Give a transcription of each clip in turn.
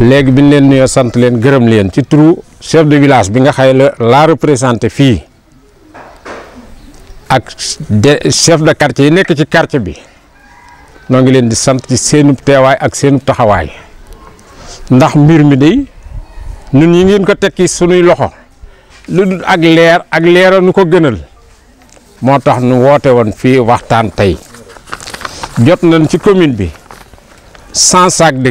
léegi bi ñu leen nuyoo sant leen gërëm leen ci turu chef de village bi nga xay la laa représenté fii ak chef de quartier yi nekk ci quartier bi noo ngi leen di sant ci seenub teewaay ak seenub taxawaay ndax mbir mi day ñun yi ngeen ko tekki sunuy loxo lu dul ak leer ak leera nu ko gënal moo tax nu woote woon fii waxtaan tey jot nañ ci commune bi cent sacs de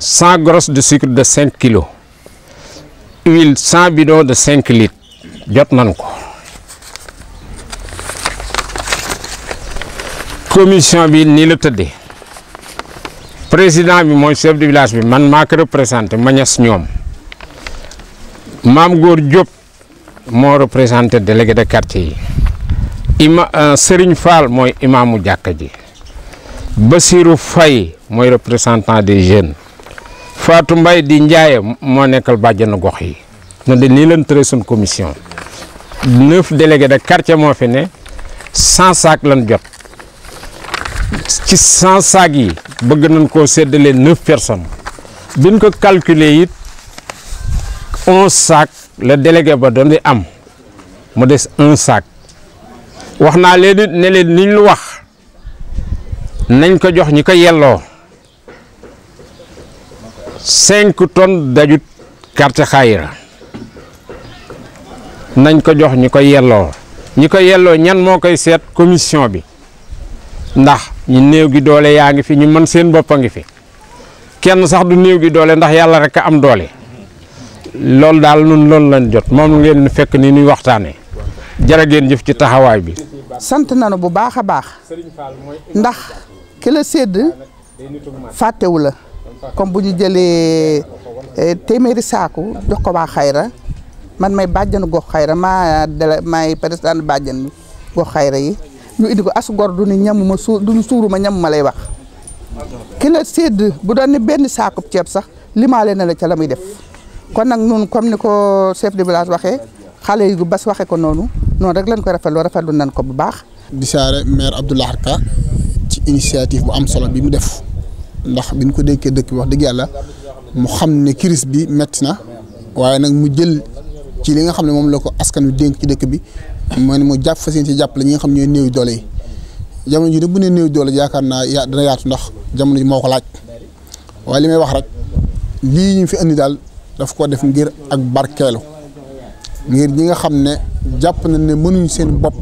100 grosses de sucre de 5 kg, huile 100 bidons de 5 litres commission bi ni le président bi mooy chef de village bi man ma ko représenté je ñom. Mam je Diop mo représenter délégué de quartier ima euh, Serigne Fall moy je suis ji Basirou Faye moy représentant des jeunes Fatou Mbaye di Njaay mo nekkal bàjjenu gox yi na de ni lañ tere sun commission neuf délégués de quartier mo fi né 100 sac lañ jot ci 100 sac yi bëgg nañ ko sédélé neuf personnes biñ ko calculer yi 11 sac la délégué ba doon di am mu dess sak. sac waxna naa leen ne leen niñ lu wax nañ ko jox ñi ko yello Seng kuton dajut carte xayira nañ ko jox ñi ko yelloo ñi ko yelloo ñan moo koy seet commission bi ndax ñu néew gi doole yaa ngi fi ñu mën seen kian ngi fi kenn sax du néew gi doole ndax yàlla rek am doole lol dal nun loolu lañ jot moom ngeen fekk ni ñuy waxtaanee jërë jëf ci taxawaay bi sant nanu bu baax a bah, ndax ki la sédd fàttewu la comme buñu jëlé téméré eh, téeméeri saaku jox ko ba xayra man may bàjjanu go xayra ma may président badjan go xayra yi ñu indi ko as gor du ni ñamuma su duñu suuruma ñamuma lay wax ki la sédd bu doon ne benn saakub ceeb sax limaale leena la ci lamuy def kon nak nun comme niko ko chef de village waxee xale yu bas waxé ko nonu non rek lañ ko rafa du nan ko bu baax di saare maire Abdou harka ci initiative bu am solo bi mu def ndax biñ ko dékkee dëkk bi wax dëgg yàlla mu xam ne kiris bi metti na waaye nag mu jël ci li nga xam ne moom la ko askan wi dénk ci dëkk bi mooy ne mu jàpp fa seen ci jàppale ñi nga xam ñooy néew doole yi jamono ji nag ne néew doole yaakaar naa ya dana yaatu ndax jamono ji moo ko laaj waaye li may wax rek lii ñu fi indi daal daf ko def ngir ak barkeelu ngir ñi nga xam ne jàpp nañ ne mënuñ seen bopp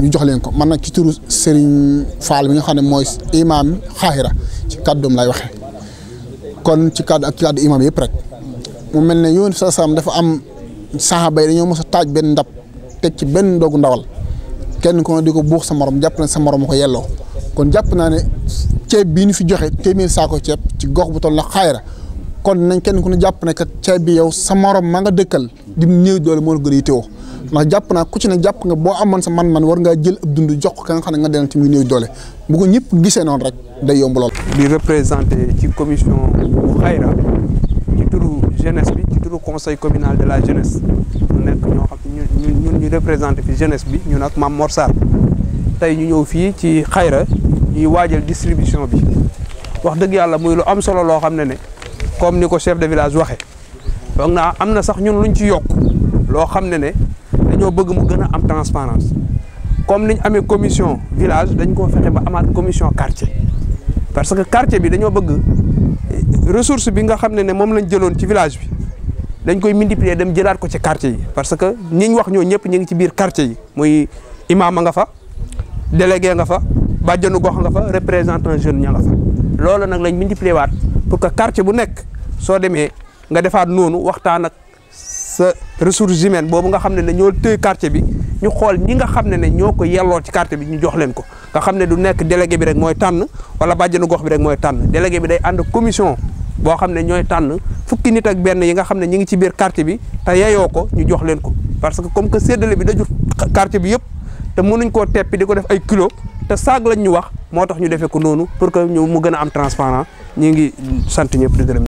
ñu jox leen ko man nag ci turu Serigne Fall mi nga xam ne mooy imaam xaaxira ci kàddoom lay waxe kon ci kàddu ak ci kàddu imaam yëpp rek mu mel ne yoon sa dafa am saxaaba dañoo mos a taaj benn ndab teg ci benn ndogu ndawal kenn ko di ko buux sa morom jàpp sa morom ko yelloo kon jàpp naa ne ceeb bii ñu fi joxe téeméer saako ceeb ci gox bu toll la xaayra kon nañ kenn ku ne jàpp ne kat ceeb bi yow sa morom ma nga dëkkal di néew doole moo gën a yittewoo ndax japp na ku ci ne japp nga bo amon sa man-man war nga jël ab dundu jox ka nga xane ne nga denante muy néew dole bu ko ñepp gisee non rek day yomb lol bi représenté ci commission bu xayra ci turu jeunesse bi ci turu conseil communal de la jeunesse ñu nek ño xam ñu ñu ñu représenté fi jeunesse bi ñu nak mam Mor tay ñu ñew fi ci xayra ñi waajal distribution bi wax deug yalla muy lu am solo lo xamne ne ne comme niko chef de village waxe foog na am sax ñun luñ ci yok lo xamne ne dañoo bëgg mu gën a am transparence comme niñ amee commission village dañ ko fexe ba amaat commission quartier parce que quartier bi dañoo bëgg eh, ressource bi nga xam ne ne moom lañ jëloon ci village bi dañ koy multiplier dem jëlaat ko ci quartier yi parce que ñiñ wax ñoo ñëpp ñu ngi ci biir quartier yi muy imaam nga fa délégué nga fa bàjjanu gox nga fa représentant jeune ña nga fa loolu nag lañ multiplier waat pour quartier bu nekk soo demee nga sa ressource humaine boobu nga xam ne ne ñoo tëye quartier bi ñu xool ñi nga xam ne ne ñoo ko yelloo ci quartier bi ñu jox leen ko nga xam ne du nekk délégué bi rek mooy tànn wala bàjjenu gox bi rek mooy tànn délégué bi day ànd commission boo xam ne ñooy tànn fukki nit ak benn yi nga xam ne ñi ngi ci biir quartier bi te yeyoo ko ñu jox leen ko parce que comme que séddale bi da dajul quartier bi yëpp te mënuñ koo teppi di ko def ay kilo te saag lañ ñu wax moo tax ñu defee ko noonu pour que ñu mu gën a am transparent ñi ngi sant ñëpp di gërëm